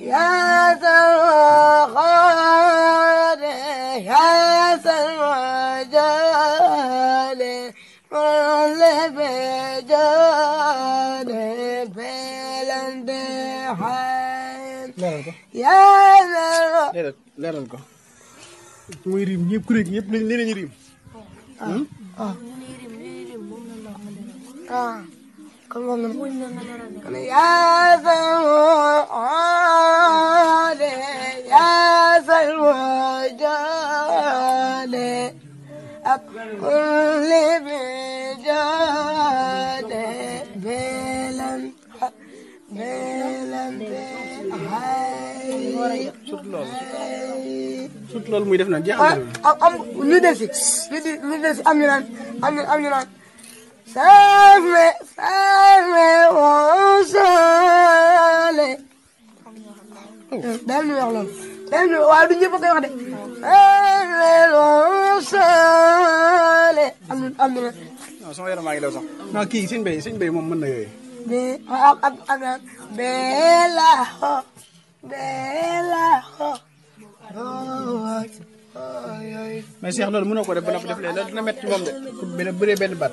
يا سرخار يا سرجال رل بجال بلندحان يا سر leeral ko mooy riim ñëpp kuréel ñëpp nee nañu riim ah ah kon moom na yaa sal wajaale yaa sal wajaale ak kulli bi jaade beelan beelan surtout loolu muy def naan jeexal am ñu def si ñu am ñu naan am ñu naan Salve, salve, o sole. daal du ñëpp koy wax de. salve, o sole. am na ngi daw sax. kii sëñ Bay sëñ Bay moom mën na yooyu. bee ak ak ak bee la xo. bee la xo. mais Cheikh loolu mënoo ko def ba noppi def leen loolu dina moom de. pour bëree benn baat.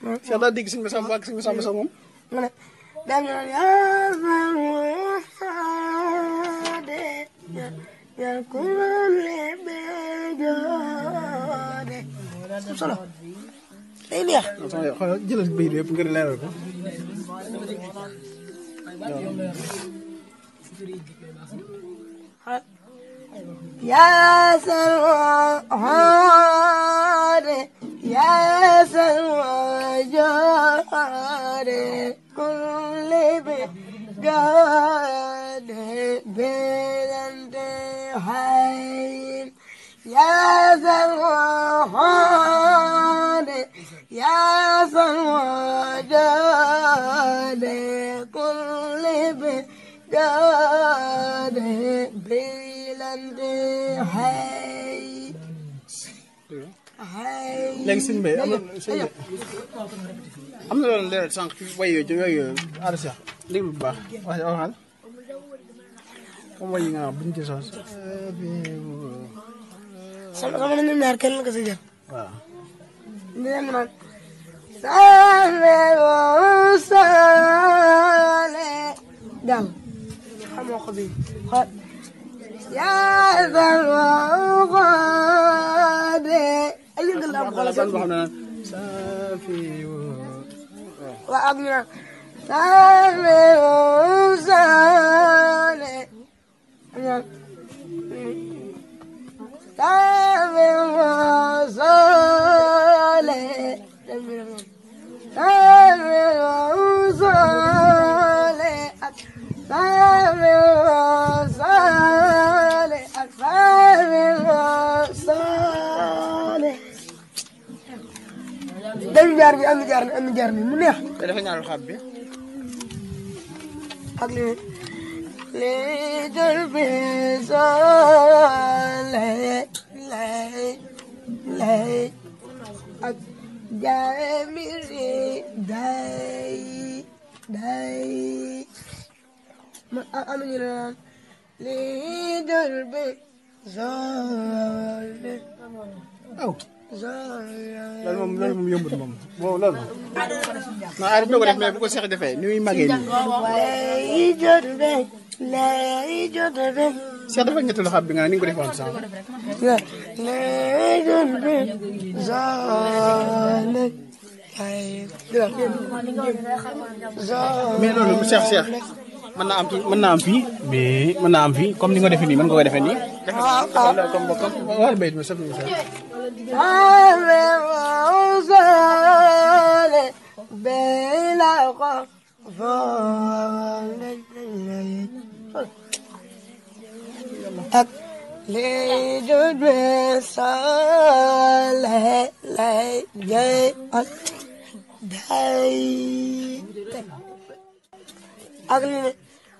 Cheikh daa dégg suñu Massamba ak suñu Massamba sax moom. mu ne daan ñëw yaa Mamour Sade yaa ko lebe joode. am solo day neex. xoolal jëlal bay yëpp ngir leeral ko. yaa Sade. يا سوجار كل بجار بلند حين يا سوجار يا سوجار كل بجار بلند حين léegi sëñ am na sëñ bi am na loolu leeral sànq ci way yooyu wax waxal comme way yi nga wax buñ ci sos sama sama na ñoom ñaar kenn la ko si jël waaw ndee mu naan sale wo sale dal xamoo ko bii xool yaa ay yëngal la am xoolal seen waaw ak ñu naan Safiyou Sané Safiyou Sané ami jaar mi ami jaar mi mu neex. te dafa ñaanal xaab bi. li little piece lay loolu moom loolu moom yombut moom wow loolu moom. non aar bi ko def mais bu ko seex defee ni muy màggee nii. seex dafa ñetti loxo bi nga ni nga ko def woon sànq. mais loolu seex seex mën naa am fii mën na am fii mais mën naa am fii comme ni nga defe defee nii mën nga ko defee nii. waaw waaw comme comme wàllu ak lii du dee soxla lay jëy ak day ak lii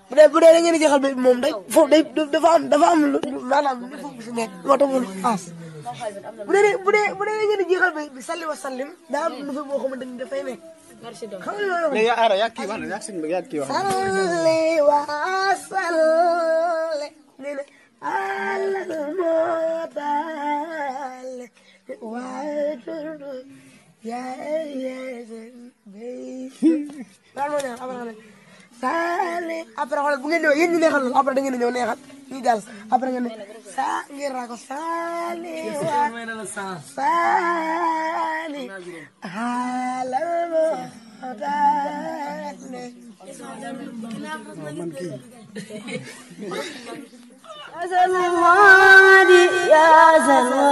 bu dee bu dee da ngeen di jeexal ba moom day foofu day dafa am dafa am lu maanaam lu foofu si nekk moo tax mu as bu dee bu dee bu dee ngeen di jeexal bi bi salli wa sallim daa am nu fi boo xamante ni dafay nekk. merci donc xam nga loolu yaa aara yaa kii wax yaa yaa kii wax. salli wa salli nee na alal mootal yaa yaa sëñ saale après xoolal bu ngeen ñëwee yéen neexal loolu après da ngeen di ñëw neexal ñu jàll après ngeen waa saale xaalama man kii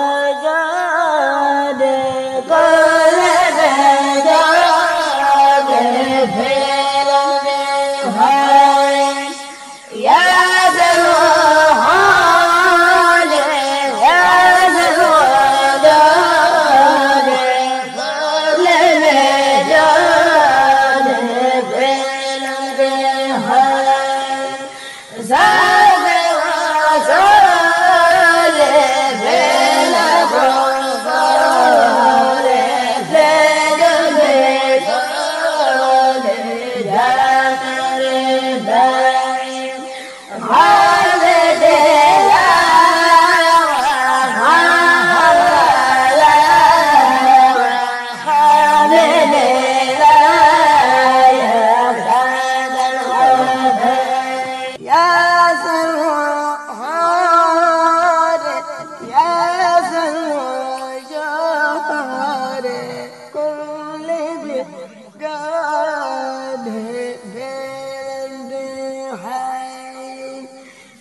الحي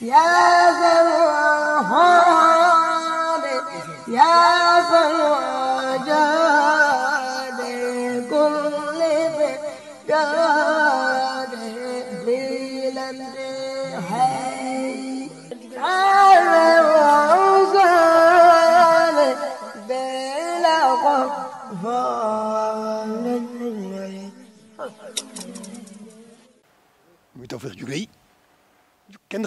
يا